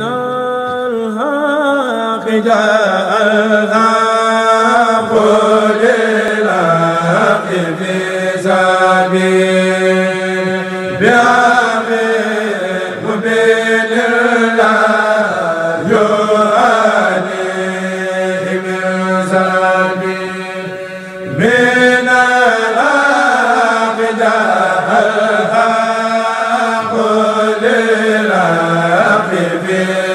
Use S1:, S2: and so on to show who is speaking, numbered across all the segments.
S1: إن الحق جاء الحق للحق في سبيل بحق مبين لا يؤدي من سبيل من الحق جاء الحق للحق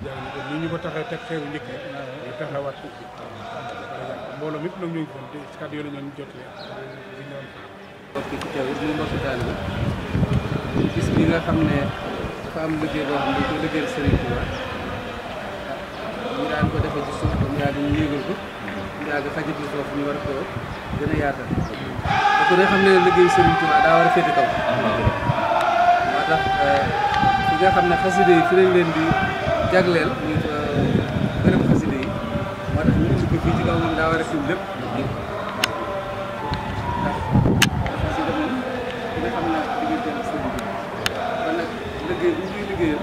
S1: ñu ñu ko taxee teg xeeru njëkk rek ñu taxawaat mbooloo mi nag ñoo ngi foon te kàddu yooyu la ñu jot leen di ñoom mbokk ci teew muy mbokk daal bi gis bi nga xam ne am liggéey boo xam ne ko liggéeyal sëriñ bi wax ñu daan ko defee ci suuf ba mu yàgg ñu yéegal ko mu yàgg xajatu foofu ñu war ko gën a yaatal te ku ne xam ne liggéeyu sëriñ Tuubaa daa war a féete kaw moo tax euh, nga xam ne xaside yi fi lañ leen di jagleel ñu euh, bërëb xaside yi moo tax ñu indi ko fii ci kaw moom daa war a fiw lépp ndax xaside moom ki nga xam ne diggante ak sëriñ bi kon nag liggéey bu ñuy liggéeyal